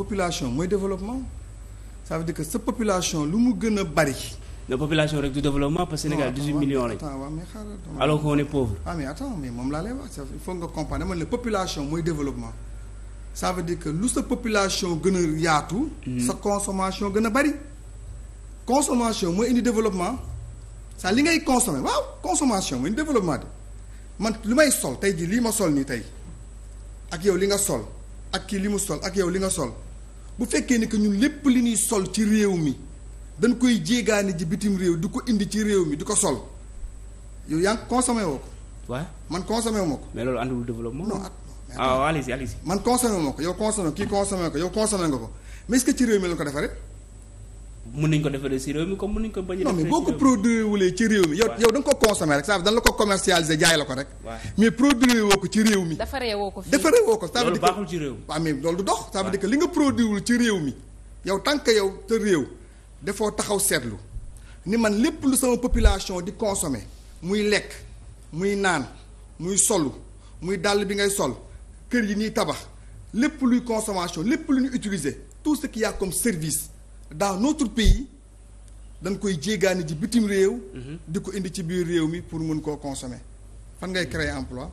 population mooy développement ça veut dire que sa population lu mu gën a bari. na population rek du développement parce que Sénégal 18 millions lañ. alors qu'on est ah, mais attends mais moom laa lay wax il nga comprendre man la population mooy développement ça veut dire que lu sa population gën a yaatu. Hmm. sa consommation gën a bari. consommation mooy indi développement ça li ngay consommer waaw consommation mooy développement de man lu may sol tey jii lii ma sol nii tey ak yow li nga sol ak kii li mu sol ak yow li nga sol. bu fekkee ne que ñun lépp li ñuy sol ci réew mi dañ koy jéegaane ji bitim réew du ko indi ci réew mi du ko sol yow yaa ngi consommé woo ko. waaw man consommé wu ma ko. mais loolu àndul développement. non ah, ah allez-y allez man consommé ko yow consommé kii consommé ko yow consommé nga ko mais est-ce ci réew mi lañ ko defaree. mun nañ ko defaree si réew mi comme mën nañ ko bañ non mais ko produire wulee ci réew mi yow yow da ko consommer rek ça veut dañ ko commercialiser jaay la ko rek mais produire woo ko ci réew mi defaree woo ko defaree woo ko ça veut dire baaxul ci réew mi waaw mais loolu du dox ça veut dire réew mi yow tant que yow te réew dafoo taxaw seetlu ni man lépp lu sama population di consommer muy lekk muy naan muy solu muy dàll bi ngay sol kër yi ñuy tabax lépp luy consommation lépp lu ñu utiliser tout ce qu'il y a service dans notre pays danga koy jéegaane ji bitim réew. di ko indi ci biir réew mi pour mun koo consommer fan ngay créer emploi.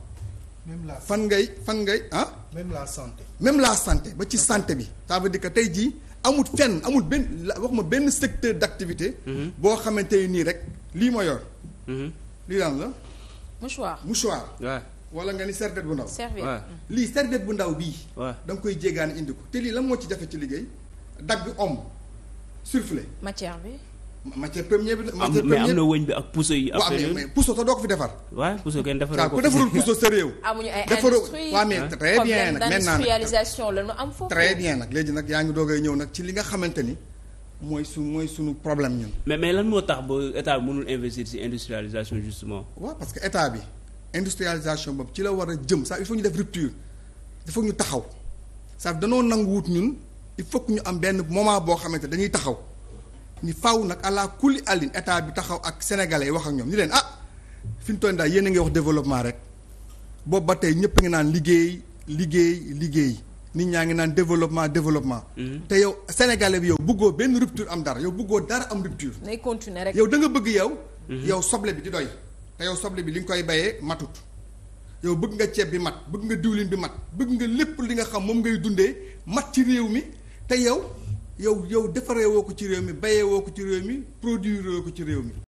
fan ngay fan ngay ah. même la santé. même la santé ba ci santé bi. ça veut que tey jii amut fenn amul benn ma benn secteur d'activité. Mhm. boo xamante nii rek lii ma yor. Mhm. lii daan la. mouchoir mouchoir. wala nga ni serviette bu ndaw. serviette lii serviette bu ndaw bii. da nga koy jéegaane indi ko te lii lan moo ci jafe ci liggéey dagg om surflé. matière bi. matière première bi. matière première mais am na wëñ bi ak puso yi. affaire yooyu waaw mais puso te doo ko fi defar. waaw puso kenn defaree ko ku defarul puso sa réew. amuñu ay industrie waaw mais très bien nag maintenant industrialisation la ñu am foofu. très bien nag léegi nag yaa ngi doogay ñëw nag ci li nga xamante ni mooy su mooy suñu problème ñun. mais mais lan moo tax ba état bi mënul investir ci industrialisation justement. waaw parce que état bi industrialisation boobu ci la war a jëm ça il faut ñu def rupture il faut ñu taxaw ça danoo nanguwut ñun. il faut ñu am benn moment boo xamante dañuy taxaw ni faw nag àla kulli àllin état bi taxaw ak sénégalais yi wax ak ñoom ñu leen ah fi ñu toll daal yéen a ngi wax développement rek boobu ba tey ñëpp ngi naan liggéey liggéey liggéey nit ñaa ngi naan développement développement. Mhm. te yow sénégalais bi yow bëggoo benn rupture am dara yow bëggoo dara am rupture. nay continuer rek yow da bëgg yow. Mhm. yow soble bi di doy. te yow soble bi li nga koy bayee matut yow bëgg nga ceeb bi mat bëgg nga diwlin bi mat bëgg nga lépp li nga xam moom ngay dundee mat ci réew mi. te yow yow yow defaree woo ko ci réew mi bayee woo ko ci réew mi produit ko ci réew mi